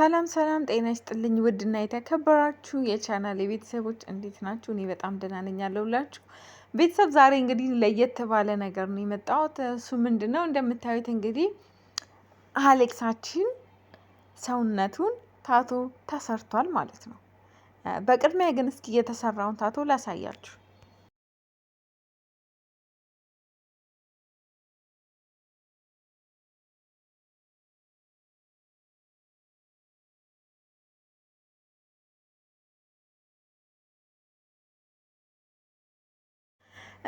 ሰላም ሰላም፣ ጤና ይስጥልኝ ውድና የተከበራችሁ የቻናል ቤተሰቦች እንዴት ናችሁ? እኔ በጣም ደህና ነኝ ያለሁላችሁ። ቤተሰብ ዛሬ እንግዲህ ለየት ባለ ነገር ነው የመጣሁት። እሱ ምንድን ነው? እንደምታዩት እንግዲህ አሌክሳችን ሰውነቱን ታቶ ተሰርቷል ማለት ነው። በቅድሚያ ግን እስኪ የተሰራውን ታቶ ላሳያችሁ።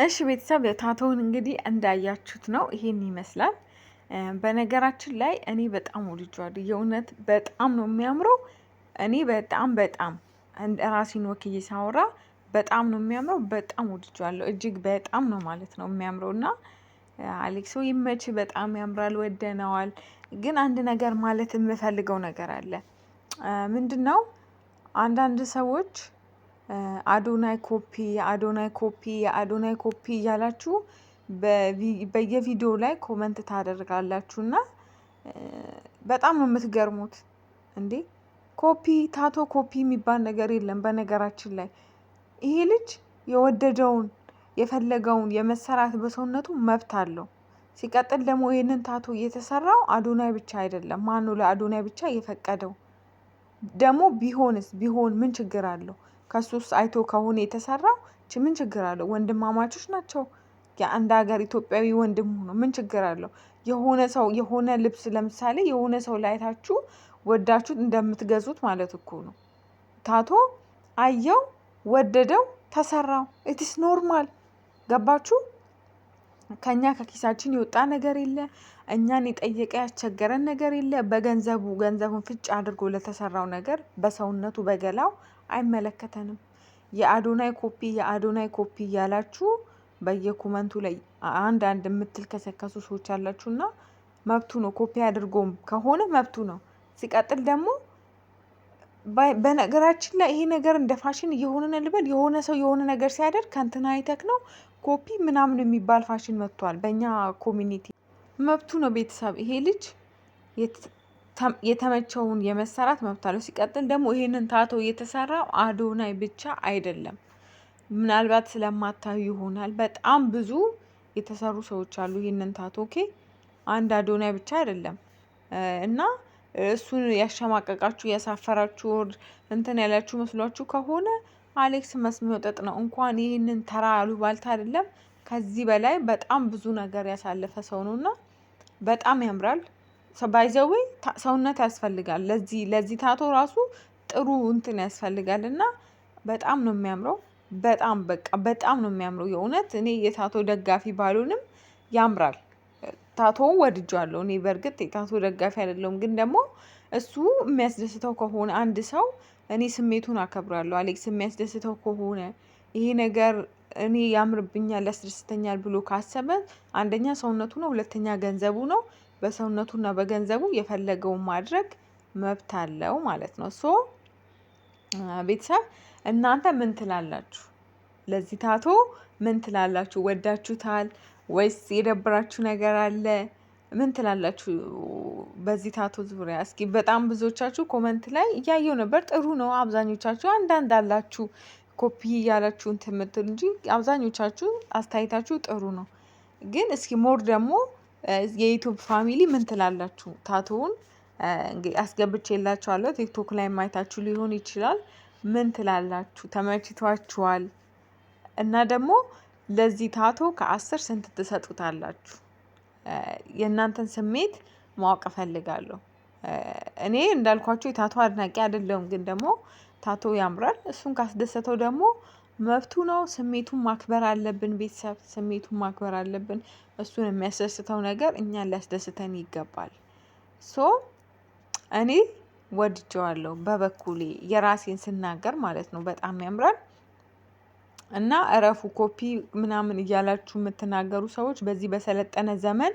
እሺ ቤተሰብ ታቶውን እንግዲህ እንዳያችሁት ነው፣ ይሄን ይመስላል። በነገራችን ላይ እኔ በጣም ወድጄዋለሁ። የእውነት በጣም ነው የሚያምረው። እኔ በጣም በጣም ራሴን ወክዬ ሳወራ በጣም ነው የሚያምረው። በጣም ወድጄዋለሁ። እጅግ በጣም ነው ማለት ነው የሚያምረው እና አሌክሶ ይመች። በጣም ያምራል፣ ወደነዋል። ግን አንድ ነገር ማለት የምፈልገው ነገር አለ። ምንድን ነው አንዳንድ ሰዎች አዶናይ ኮፒ የአዶናይ ኮፒ የአዶናይ ኮፒ እያላችሁ በየቪዲዮ ላይ ኮመንት ታደርጋላችሁ እና በጣም ነው የምትገርሙት። እንዴ ኮፒ ታቶ ኮፒ የሚባል ነገር የለም። በነገራችን ላይ ይሄ ልጅ የወደደውን የፈለገውን የመሰራት በሰውነቱ መብት አለው። ሲቀጥል ደግሞ ይህንን ታቶ እየተሰራው አዶናይ ብቻ አይደለም። ማኑ ለአዶናይ ብቻ የፈቀደው? ደግሞ ቢሆንስ ቢሆን ምን ችግር አለው? ከሱስ አይቶ ከሆነ የተሰራው ምን ችግር አለው? ወንድማማቾች ናቸው። የአንድ ሀገር ኢትዮጵያዊ ወንድም ሆኖ ምን ችግር አለው? የሆነ ሰው የሆነ ልብስ ለምሳሌ የሆነ ሰው ላይታችሁ ወዳችሁ ወዳችሁት እንደምትገዙት ማለት እኮ ነው። ታቶ አየው ወደደው ተሰራው ኢትስ ኖርማል ገባችሁ ከእኛ ከኪሳችን የወጣ ነገር የለ፣ እኛን የጠየቀ ያስቸገረን ነገር የለ። በገንዘቡ ገንዘቡን ፍጭ አድርጎ ለተሰራው ነገር በሰውነቱ በገላው አይመለከተንም። የአዶናይ ኮፒ የአዶናይ ኮፒ እያላችሁ በየኮመንቱ ላይ አንድ አንድ የምትል ከሰከሱ ሰዎች አላችሁና መብቱ ነው። ኮፒ አድርጎም ከሆነ መብቱ ነው። ሲቀጥል ደግሞ በነገራችን ላይ ይሄ ነገር እንደ ፋሽን እየሆነ ልበል የሆነ ሰው የሆነ ነገር ሲያደርግ ከንትና አይተክ ነው ኮፒ ምናምን የሚባል ፋሽን መጥቷል በእኛ ኮሚኒቲ። መብቱ ነው ቤተሰብ ይሄ ልጅ የተመቸውን የመሰራት መብት አለው። ሲቀጥል ደግሞ ይሄንን ታቶ የተሰራው አዶናይ ብቻ አይደለም። ምናልባት ስለማታዩ ይሆናል በጣም ብዙ የተሰሩ ሰዎች አሉ ይህንን ታቶ። ኦኬ አንድ አዶናይ ብቻ አይደለም እና እሱን ያሸማቀቃችሁ ያሳፈራችሁ እንትን ያላችሁ መስሏችሁ ከሆነ አሌክስ መስሚያው ነው። እንኳን ይህንን ተራ አሉባልታ አይደለም ከዚህ በላይ በጣም ብዙ ነገር ያሳለፈ ሰው ነው እና በጣም ያምራል። ባይዘዊ ሰውነት ያስፈልጋል ለዚህ ለዚህ ታቶ ራሱ ጥሩ እንትን ያስፈልጋል እና በጣም ነው የሚያምረው። በጣም በቃ በጣም ነው የሚያምረው የእውነት እኔ የታቶ ደጋፊ ባልሆንም ያምራል። ታቶውን አለው እኔ በርግጥ የታቶ ደጋፊ አይደለሁም ግን ደግሞ እሱ የሚያስደስተው ከሆነ አንድ ሰው እኔ ስሜቱን አከብራለሁ። አሌክስ የሚያስደስተው ከሆነ ይሄ ነገር እኔ ያምርብኛል ያስደስተኛል ብሎ ካሰበ አንደኛ ሰውነቱ ነው፣ ሁለተኛ ገንዘቡ ነው። በሰውነቱና በገንዘቡ የፈለገውን ማድረግ መብት አለው ማለት ነው። ሶ ቤተሰብ እናንተ ምን ትላላችሁ? ለዚህ ታቶ ምን ትላላችሁ? ወዳችሁታል ወይስ የደብራችሁ ነገር አለ? ምን ትላላችሁ? በዚህ ታቶ ዙሪያ እስኪ በጣም ብዙዎቻችሁ ኮመንት ላይ እያየው ነበር። ጥሩ ነው። አብዛኞቻችሁ አንዳንድ አላችሁ ኮፒ እያላችሁ እንትን የምትሉ እንጂ አብዛኞቻችሁ አስተያየታችሁ ጥሩ ነው። ግን እስኪ ሞር ደግሞ የዩቱብ ፋሚሊ ምን ትላላችሁ? ታቶውን አስገብቼላችኋለሁ። ቲክቶክ ላይ ማየታችሁ ሊሆን ይችላል። ምን ትላላችሁ? ተመችቷችኋል? እና ደግሞ ለዚህ ታቶ ከአስር ስንት ትሰጡታላችሁ? የእናንተን ስሜት ማወቅ እፈልጋለሁ። እኔ እንዳልኳችሁ የታቶ አድናቂ አይደለሁም ግን ደግሞ ታቶ ያምራል እሱን ካስደሰተው ደግሞ መብቱ ነው ስሜቱን ማክበር አለብን ቤተሰብ ስሜቱን ማክበር አለብን እሱን የሚያስደስተው ነገር እኛን ሊያስደስተን ይገባል። ሶ እኔ ወድጀዋለሁ፣ በበኩሌ የራሴን ስናገር ማለት ነው በጣም ያምራል እና እረፉ ኮፒ ምናምን እያላችሁ የምትናገሩ ሰዎች በዚህ በሰለጠነ ዘመን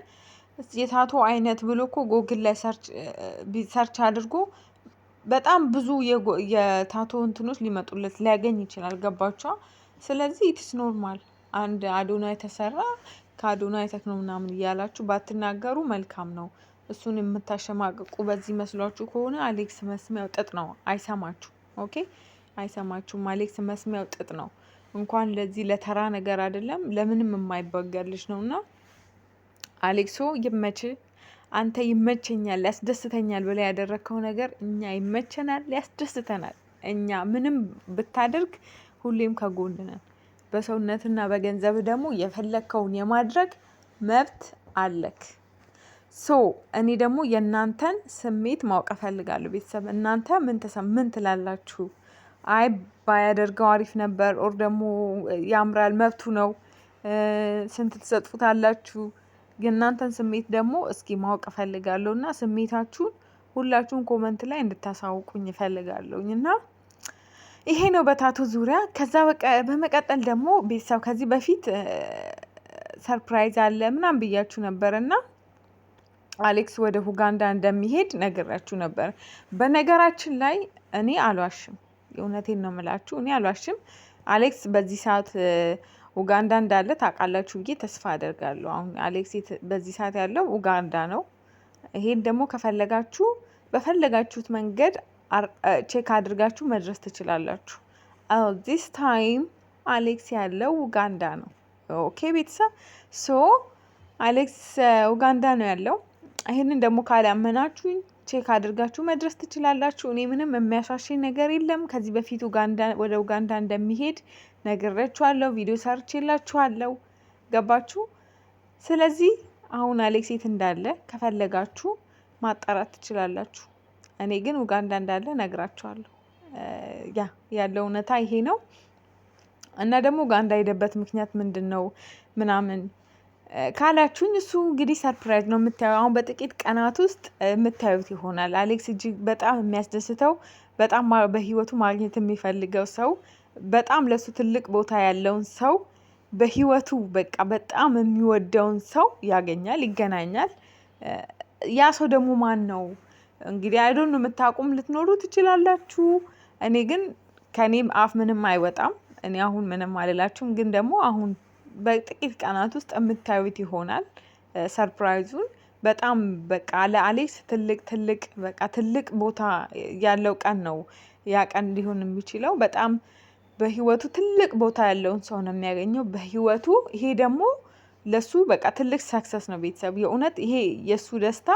የታቶ አይነት ብሎ እኮ ጎግል ላይ ሰርች አድርጎ በጣም ብዙ የታቶ እንትኖች ሊመጡለት ሊያገኝ ይችላል። ገባችኋ? ስለዚህ ኢትስ ኖርማል አንድ አዶና የተሰራ ከአዶና የተክኖ ምናምን እያላችሁ ባትናገሩ መልካም ነው። እሱን የምታሸማቅቁ በዚህ መስሏችሁ ከሆነ አሌክስ መስሚያው ጥጥ ነው አይሰማችሁ፣ ኦኬ አይሰማችሁም። አሌክስ መስሚያው ጥጥ ነው እንኳን ለዚህ ለተራ ነገር አይደለም ለምንም የማይበገር ልጅ ነው እና አሌክሶ ይመች አንተ ይመቸኛል፣ ያስደስተኛል ብለ ያደረግከው ነገር እኛ ይመቸናል፣ ያስደስተናል። እኛ ምንም ብታደርግ ሁሌም ከጎን ነን። በሰውነትና በገንዘብ ደግሞ የፈለግከውን የማድረግ መብት አለክ። ሶ እኔ ደግሞ የእናንተን ስሜት ማወቅ እፈልጋለሁ። ቤተሰብ እናንተ ምን ምን ትላላችሁ? አይ ባያደርገው አሪፍ ነበር ኦር ደግሞ ያምራል መብቱ ነው። ስንት ትሰጥፉታላችሁ? የእናንተን ስሜት ደግሞ እስኪ ማወቅ እፈልጋለሁ እና ስሜታችሁን ሁላችሁን ኮመንት ላይ እንድታሳውቁኝ እፈልጋለሁኝ። እና ይሄ ነው በታቱ ዙሪያ። ከዛ በመቀጠል ደግሞ ቤተሰብ ከዚህ በፊት ሰርፕራይዝ አለ ምናምን ብያችሁ ነበር እና አሌክስ ወደ ኡጋንዳ እንደሚሄድ ነግራችሁ ነበር። በነገራችን ላይ እኔ አልዋሽም እውነቴን ነው የምላችሁ። እኔ አልዋሽም። አሌክስ በዚህ ሰዓት ኡጋንዳ እንዳለ ታውቃላችሁ ብዬ ተስፋ አደርጋለሁ። አሁን አሌክስ በዚህ ሰዓት ያለው ኡጋንዳ ነው። ይሄን ደግሞ ከፈለጋችሁ በፈለጋችሁት መንገድ ቼክ አድርጋችሁ መድረስ ትችላላችሁ። ዚስ ታይም አሌክስ ያለው ኡጋንዳ ነው። ኦኬ ቤተሰብ ሶ አሌክስ ኡጋንዳ ነው ያለው። ይህንን ደግሞ ካላመናችሁኝ ቼክ አድርጋችሁ መድረስ ትችላላችሁ። እኔ ምንም የሚያሻሽኝ ነገር የለም። ከዚህ በፊት ወደ ኡጋንዳ እንደሚሄድ ነግሬያችኋለሁ፣ ቪዲዮ ሰርቼላችኋለሁ። ገባችሁ? ስለዚህ አሁን አሌክስ የት እንዳለ ከፈለጋችሁ ማጣራት ትችላላችሁ። እኔ ግን ኡጋንዳ እንዳለ ነግራችኋለሁ። ያ ያለው እውነታ ይሄ ነው እና ደግሞ ኡጋንዳ ሄደበት ምክንያት ምንድን ነው ምናምን ካላችሁኝ እሱ እንግዲህ ሰርፕራይዝ ነው የምታዩ። አሁን በጥቂት ቀናት ውስጥ የምታዩት ይሆናል። አሌክስ እጅግ በጣም የሚያስደስተው በጣም በህይወቱ ማግኘት የሚፈልገው ሰው በጣም ለሱ ትልቅ ቦታ ያለውን ሰው በህይወቱ በቃ በጣም የሚወደውን ሰው ያገኛል፣ ይገናኛል። ያ ሰው ደግሞ ማን ነው እንግዲህ አይዶን ነው የምታውቁም ልትኖሩ ትችላላችሁ። እኔ ግን ከኔም አፍ ምንም አይወጣም። እኔ አሁን ምንም አልላችሁም፣ ግን ደግሞ አሁን በጥቂት ቀናት ውስጥ የምታዩት ይሆናል። ሰርፕራይዙን በጣም በቃ ለአሌክስ ትልቅ ትልቅ በቃ ትልቅ ቦታ ያለው ቀን ነው። ያ ቀን ሊሆን የሚችለው በጣም በህይወቱ ትልቅ ቦታ ያለውን ሰው ነው የሚያገኘው በህይወቱ ይሄ ደግሞ ለሱ በቃ ትልቅ ሰክሰስ ነው። ቤተሰብ የእውነት ይሄ የእሱ ደስታ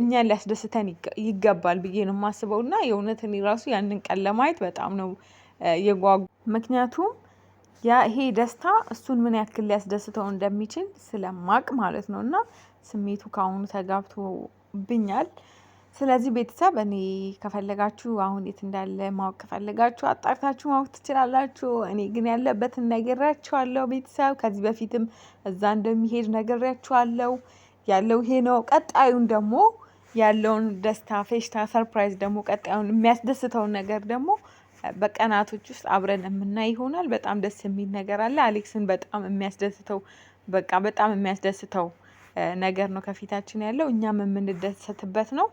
እኛ ሊያስደስተን ይገባል ብዬ ነው የማስበው። እና የእውነት እኔ ራሱ ያንን ቀን ለማየት በጣም ነው የጓጉ ምክንያቱም ያ ይሄ ደስታ እሱን ምን ያክል ሊያስደስተው እንደሚችል ስለማቅ ማለት ነው። እና ስሜቱ ከአሁኑ ተጋብቶብኛል። ስለዚህ ቤተሰብ እኔ ከፈለጋችሁ አሁን የት እንዳለ ማወቅ ከፈለጋችሁ አጣርታችሁ ማወቅ ትችላላችሁ። እኔ ግን ያለበትን ነግሬያችኋለሁ። ቤተሰብ ከዚህ በፊትም እዛ እንደሚሄድ ነግሬያችኋለሁ። ያለው ይሄ ነው። ቀጣዩን ደግሞ ያለውን ደስታ ፌሽታ ሰርፕራይዝ ደግሞ ቀጣዩን የሚያስደስተውን ነገር ደግሞ በቀናቶች ውስጥ አብረን የምናይ ይሆናል። በጣም ደስ የሚል ነገር አለ። አሌክስን በጣም የሚያስደስተው በቃ በጣም የሚያስደስተው ነገር ነው ከፊታችን ያለው እኛም የምንደሰትበት ነው።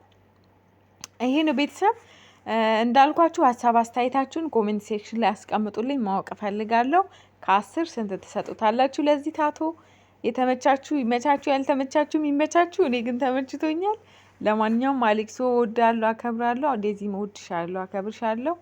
ይሄን ቤተሰብ እንዳልኳችሁ ሀሳብ አስተያየታችሁን ኮሜንት ሴክሽን ላይ አስቀምጡልኝ፣ ማወቅ ፈልጋለሁ ከአስር ስንት ትሰጡታላችሁ ለዚህ ታቶ? የተመቻችሁ ይመቻችሁ፣ ያልተመቻችሁ ይመቻችሁ። እኔ ግን ተመችቶኛል። ለማንኛውም አሌክሶ እወዳለሁ፣ አከብራለሁ። እንደዚህ እወድሻለሁ፣ አከብርሻለሁ።